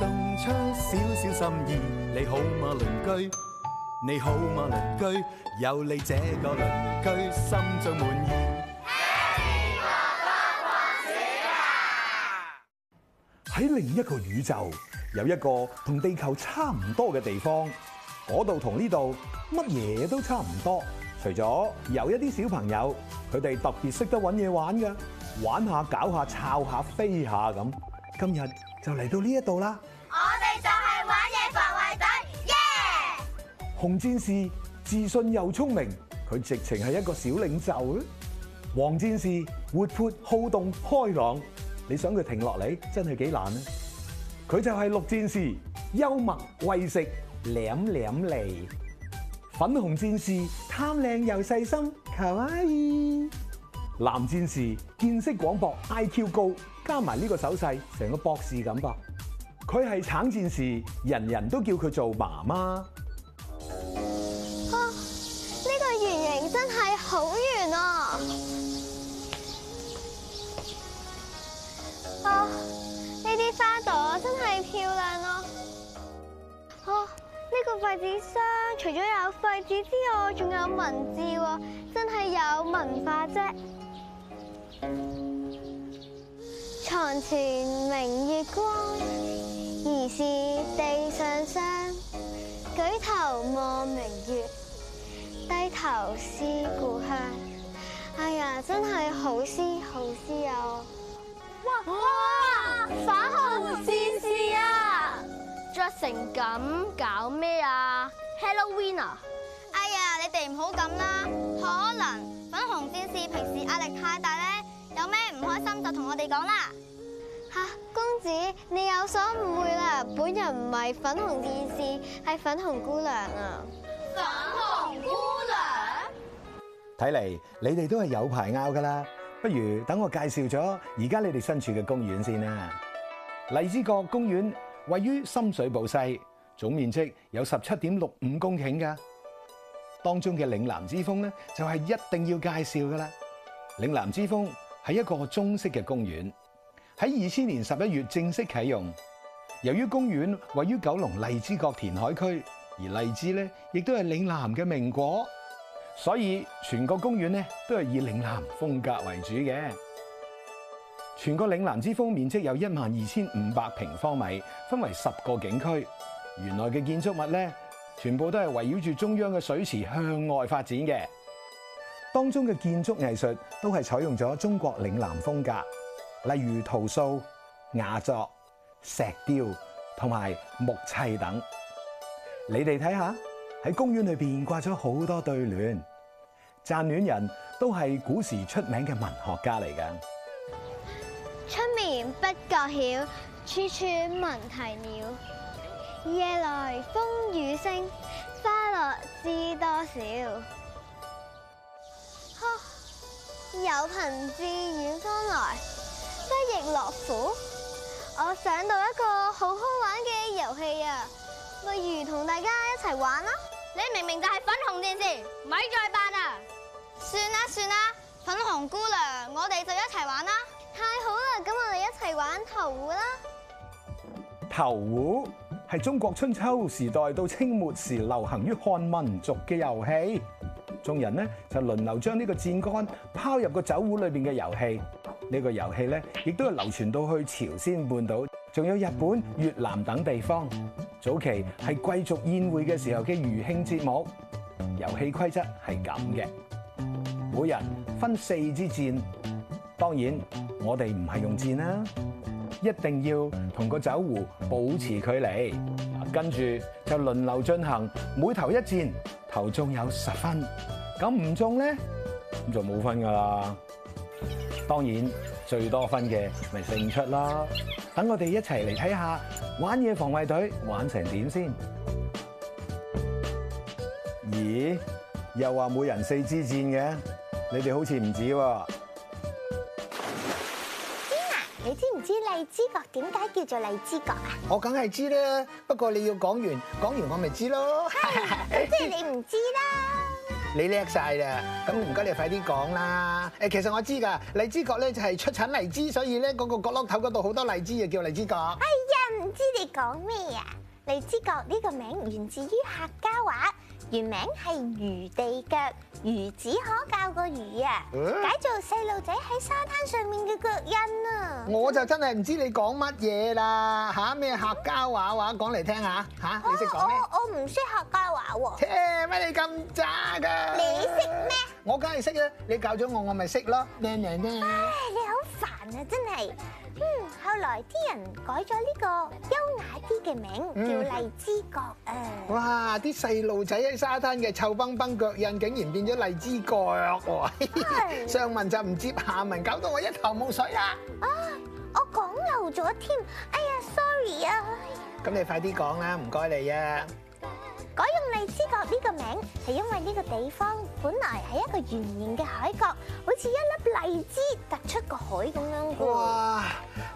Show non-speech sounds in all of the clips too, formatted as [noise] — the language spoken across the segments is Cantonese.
送出少少心意，你好嘛，鄰居？你好嘛，鄰居？有你這個鄰居，心中滿意。喺另一個宇宙，有一個同地球差唔多嘅地方，嗰度同呢度乜嘢都差唔多，除咗有一啲小朋友，佢哋特別識得搵嘢玩嘅，玩下搞下，抄下飛下咁。今日。就嚟到呢一度啦！我哋就係玩嘢防衛隊，耶！紅戰士自信又聰明，佢直情係一個小領袖。黃戰士活潑好動開朗，你想佢停落嚟真係幾難咧！佢就係綠戰士，幽默餵食舐舐脷。粉紅戰士貪靚又細心，卡哇伊。藍戰士見識廣博，IQ 高。加埋呢個手勢，成個博士咁噃。佢係橙戰士，人人都叫佢做媽媽。呢個圓形真係好圓啊！啊！呢啲花朵真係漂亮啊！啊！呢個廢紙箱，除咗有廢紙之外，仲有文字喎，真係有文化啫。床前明月光，疑是地上霜。舉頭望明月，低頭思故鄉。哎呀，真係好詩好詩啊！哇，哇，粉紅戰士啊這樣！着成咁搞咩啊？Halloween 啊！哎呀，你哋唔好咁啦，可能粉紅戰士平時壓力太大咧。有咩唔開心就同我哋講啦。吓，公子，你有所誤會啦，本人唔係粉紅戰士，係粉紅姑娘啊。粉紅姑娘，睇嚟，你哋都係有排拗噶啦。不如等我介紹咗，而家你哋身處嘅公園先啦。荔枝角公園位於深水埗西，總面積有十七點六五公頃噶。當中嘅嶺南之風咧，就係一定要介紹噶啦。嶺南之風。係一個中式嘅公園，喺二千年十一月正式啟用。由於公園位於九龍荔枝角填海區，而荔枝咧亦都係嶺南嘅名果，所以全個公園咧都係以嶺南風格為主嘅。全個嶺南之風面積有一萬二千五百平方米，分為十個景區。原來嘅建築物咧，全部都係圍繞住中央嘅水池向外發展嘅。當中嘅建築藝術都係採用咗中國嶺南風格，例如陶塑、瓦作、石雕同埋木砌等。你哋睇下喺公園裏邊掛咗好多對聯，撰聯人都係古時出名嘅文學家嚟㗎。春眠不覺曉，處處聞啼鳥。夜來風雨聲，花落知多少。有朋自遠方來，不亦樂乎？我想到一個好好玩嘅遊戲啊，不如同大家一齊玩啦！你明明就係粉紅戰士，咪再扮啊！算啦算啦，粉紅姑娘，我哋就一齊玩啦！太好啦，咁我哋一齊玩投壺啦！投壺係中國春秋時代到清末時流行於漢民族嘅遊戲。眾人咧就輪流將呢個箭杆拋入個酒壺裏面嘅遊戲，呢個遊戲咧亦都係流傳到去朝鮮半島、仲有日本、越南等地方。早期係貴族宴會嘅時候嘅餘興節目。遊戲規則係咁嘅，每人分四支箭。當然，我哋唔係用箭啦，一定要同個酒壺保持距離。跟住就輪流進行，每投一箭，投中有十分，咁唔中咧咁就冇分噶啦。當然最多分嘅咪勝出啦。等我哋一齊嚟睇下玩嘢防衛隊玩成點先。咦？又話每人四支箭嘅，你哋好似唔止喎。天啊、嗯，你知唔知荔枝角點解叫做荔枝角啊？我梗係知啦，不過你要講完，講完我咪知咯。即係你唔知啦，你叻晒啦，咁唔該你快啲講啦。誒，其實我知㗎，荔枝角咧就係出產荔枝，所以咧嗰個角落頭嗰度好多荔枝啊，叫荔枝角。哎呀，唔知你講咩啊？荔枝角呢個名源自於客家話。原名係魚地腳，魚子可教個魚啊，啊解做細路仔喺沙灘上面嘅腳印啊！真的我就真係唔知你講乜嘢啦吓？咩客家話話講嚟聽下吓？嗯、你識講，我我唔識客家話喎、啊，切乜你咁渣㗎？你識咩？我梗係識啦，你教咗我，我咪識咯，咩咩咩？唉，你好煩啊，真係～嗯，後來啲人改咗呢個優雅啲嘅名，叫荔枝角啊！哇，啲細路仔喺沙灘嘅臭崩崩腳印，竟然變咗荔枝角，上文就唔接下文，搞到我一頭霧水啦！啊，我講漏咗添，哎呀，sorry 啊！咁你快啲講啦，唔該你啊！我用荔枝角呢個名，係因為呢個地方本來係一個圓形嘅海角，好似一粒荔枝突出個海咁樣。哇！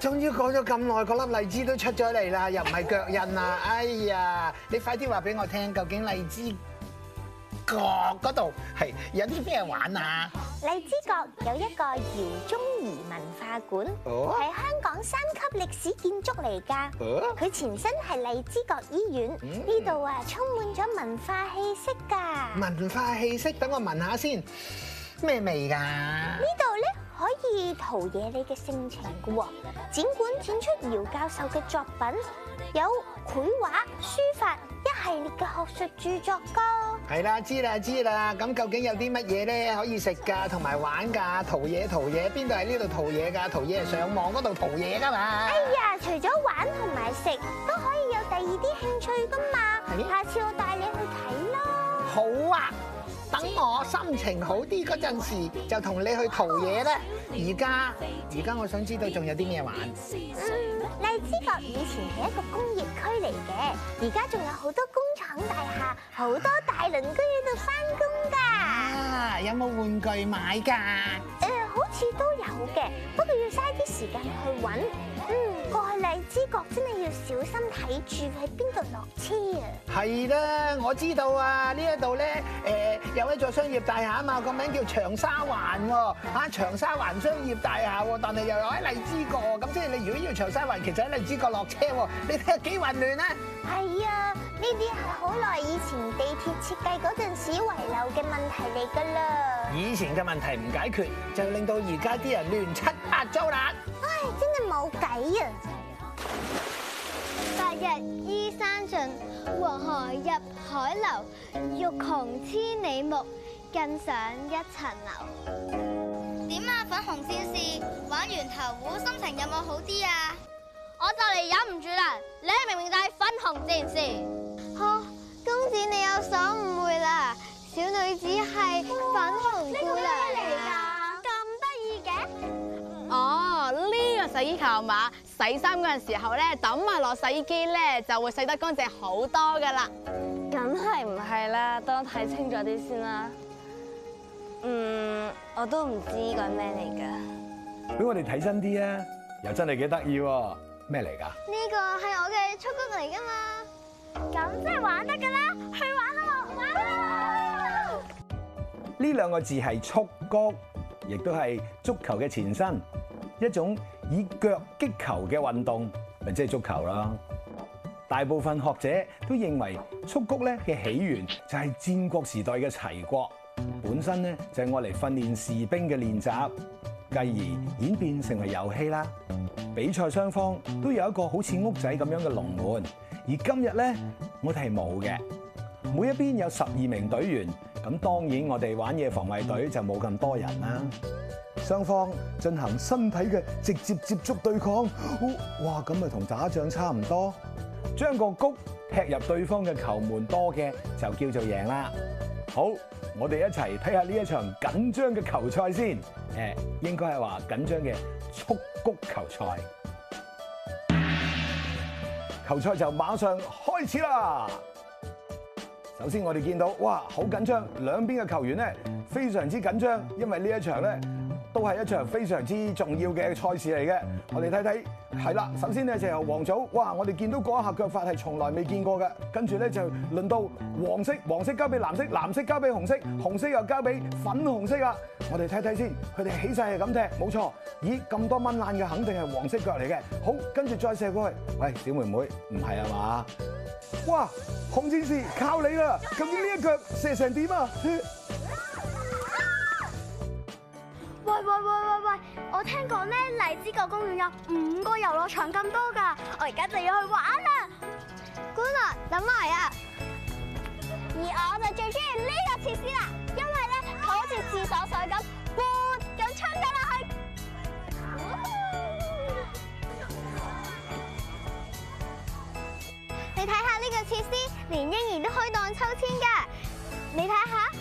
終於講咗咁耐，嗰粒荔枝都出咗嚟啦，又唔係腳印啊！ [laughs] 哎呀，你快啲話俾我聽，究竟荔枝？角嗰度係有啲咩玩啊？荔枝角有一個饒宗頤文化館，係香港三級歷史建築嚟㗎。佢前身係荔枝角醫院，呢度啊，充滿咗文化氣息㗎。文化氣息，等我聞下先，咩味㗎？呢度咧。可以陶冶你嘅性情噶喎！展館展出姚教授嘅作品，有繪畫、書法一系列嘅學術著作噶。係啦，知啦，知啦。咁究竟有啲乜嘢咧可以食噶，同埋玩噶？淘嘢，淘嘢，邊度喺呢度淘嘢噶？淘嘢係上網嗰度淘嘢噶嘛？哎呀，除咗玩同埋食，都可以有第二啲興趣噶嘛？下次我帶你去睇咯嗎。好啊。等我心情好啲嗰陣時，就同你去淘嘢咧。而家，而家我想知道仲有啲咩玩？嗯，荔枝角以前係一個工業區嚟嘅，而家仲有好多工廠大廈，好多大鄰居喺度返工㗎。有冇玩具買㗎？誒、呃，好似都有嘅，不過要嘥啲時間去揾。過去荔枝角真係要小心睇住喺邊度落車啊！係啦，我知道啊，這裏呢一度咧，誒、呃，有一座商業大廈啊嘛，個名叫長沙灣喎、哦啊，長沙灣商業大廈、哦，但係又有喺荔枝角，咁即係你如果要長沙灣，其實喺荔枝角落車、哦，你睇下幾混亂啊！係啊。呢啲係好耐以前地鐵設計嗰陣時遺留嘅問題嚟噶啦。以前嘅問題唔解決，就令到而家啲人亂七八糟喇。唉，真係冇計啊！白日依山盡，黃河入海流。欲窮千里目，更上一層樓。點啊，粉紅戰士，玩完投壺心情有冇好啲啊？我就嚟忍唔住啦！你係明明就係粉紅戰士？公子你有所誤會啦，小女子係粉紅姑娘嚟噶，咁得意嘅？哦，呢個洗衣球啊嘛，洗衫嗰陣時候咧，抌埋落洗衣機咧，就會洗得乾淨好多噶啦。梗係唔係啦？等我睇清楚啲先啦。嗯，我都唔知個係咩嚟噶。俾我哋睇真啲啊！又真係幾得意喎，咩嚟噶？呢個係我嘅蹴鞠嚟噶嘛。咁真係玩得噶啦，去玩咯，玩啦！呢兩個字係蹴鞠，亦都係足球嘅前身，一種以腳擊球嘅運動，咪即係足球啦。大部分學者都認為蹴鞠咧嘅起源就係戰國時代嘅齊國，本身咧就係用嚟訓練士兵嘅練習，繼而演變成為遊戲啦。比賽雙方都有一個好似屋仔咁樣嘅龍門。而今日咧，我哋係冇嘅。每一邊有十二名隊員，咁當然我哋玩嘢防衛隊就冇咁多人啦。雙方進行身體嘅直接接觸對抗，哦、哇！咁咪同打仗差唔多，將個鞠踢入對方嘅球門多嘅就叫做贏啦。好，我哋一齊睇下呢一場緊張嘅球賽先。誒，應該係話緊張嘅蹴鞠球賽。球賽就馬上開始啦！首先我哋見到，哇，好緊張，兩邊嘅球員呢，非常之緊張，因為呢一場呢。都係一場非常之重要嘅賽事嚟嘅，我哋睇睇，係啦，首先咧就黃組，哇，我哋見到嗰一下腳法係從來未見過嘅，跟住咧就輪到黃色，黃色交俾藍色，藍色交俾紅色，紅色又交俾粉紅色啊。我哋睇睇先，佢哋起勢係咁踢，冇錯，咦，咁多蚊爛嘅，肯定係黃色腳嚟嘅，好，跟住再射過去，喂，小妹妹，唔係啊嘛，哇，紅戰士靠你啦，究竟呢一腳射成點啊？喂喂喂喂喂，我聽講咧，荔枝角公園有五個遊樂場咁多噶，我而家就要去玩啦！姑娘，等埋啊，而我就最中意呢個設施啦，因為咧好似廁所水咁，潑咁沖咗落去。 [laughs] 你睇下呢個設施，連嬰兒都可以盪秋千噶，你睇下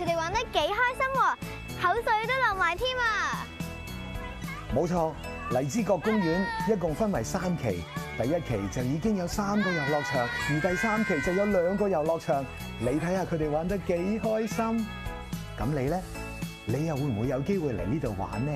佢哋玩得幾開心喎！口水都流埋添啊！冇錯，荔枝角公園一共分為三期，第一期就已經有三個遊樂場，而第三期就有兩個遊樂場。你睇下佢哋玩得幾開心，咁你咧，你又會唔會有機會嚟呢度玩呢？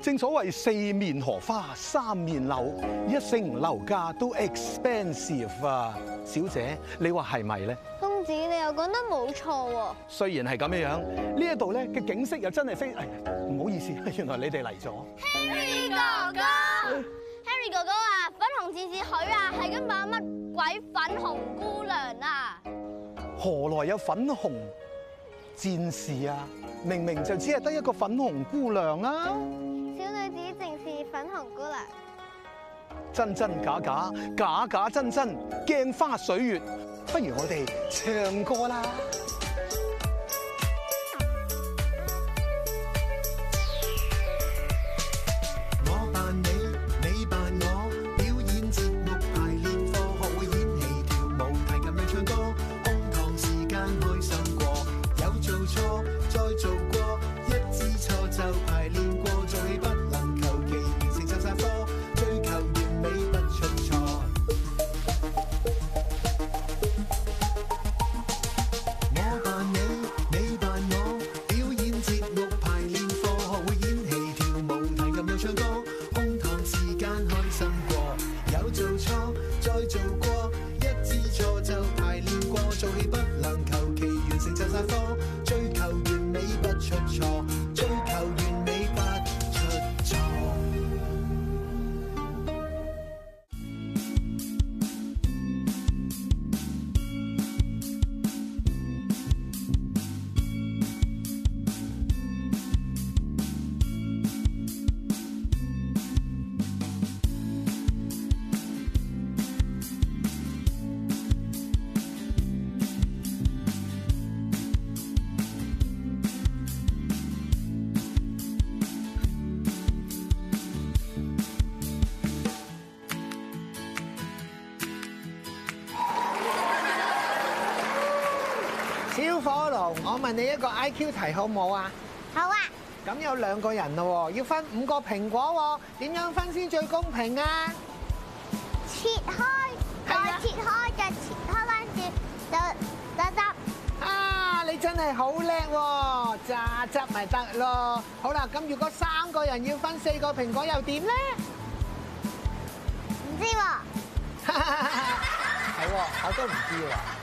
正所謂四面荷花三面柳，一城樓價都 expensive 啊！小姐，你話係咪咧？公子，你又講得冇錯喎、啊。雖然係咁樣樣，呢一度咧嘅景色又真係非。唉，唔好意思，原來你哋嚟咗。Harry 哥哥，Harry 哥哥啊，粉紅戰士許啊，係咁講乜鬼粉紅姑娘啊？何來有粉紅戰士啊？明明就只係得一個粉紅姑娘啊。真真假假，假假真真，鏡花水月，不如我哋唱歌啦！我問你一個 I Q 題好唔好啊？好啊。咁有兩個人咯，要分五個蘋果，點樣分先最公平啊？切開，再切開，就切開翻住，就榨汁。啊，你真係好叻喎！榨汁咪得咯。好啦，咁如果三個人要分四個蘋果又點咧？唔知喎。係喎，我都唔知喎、啊。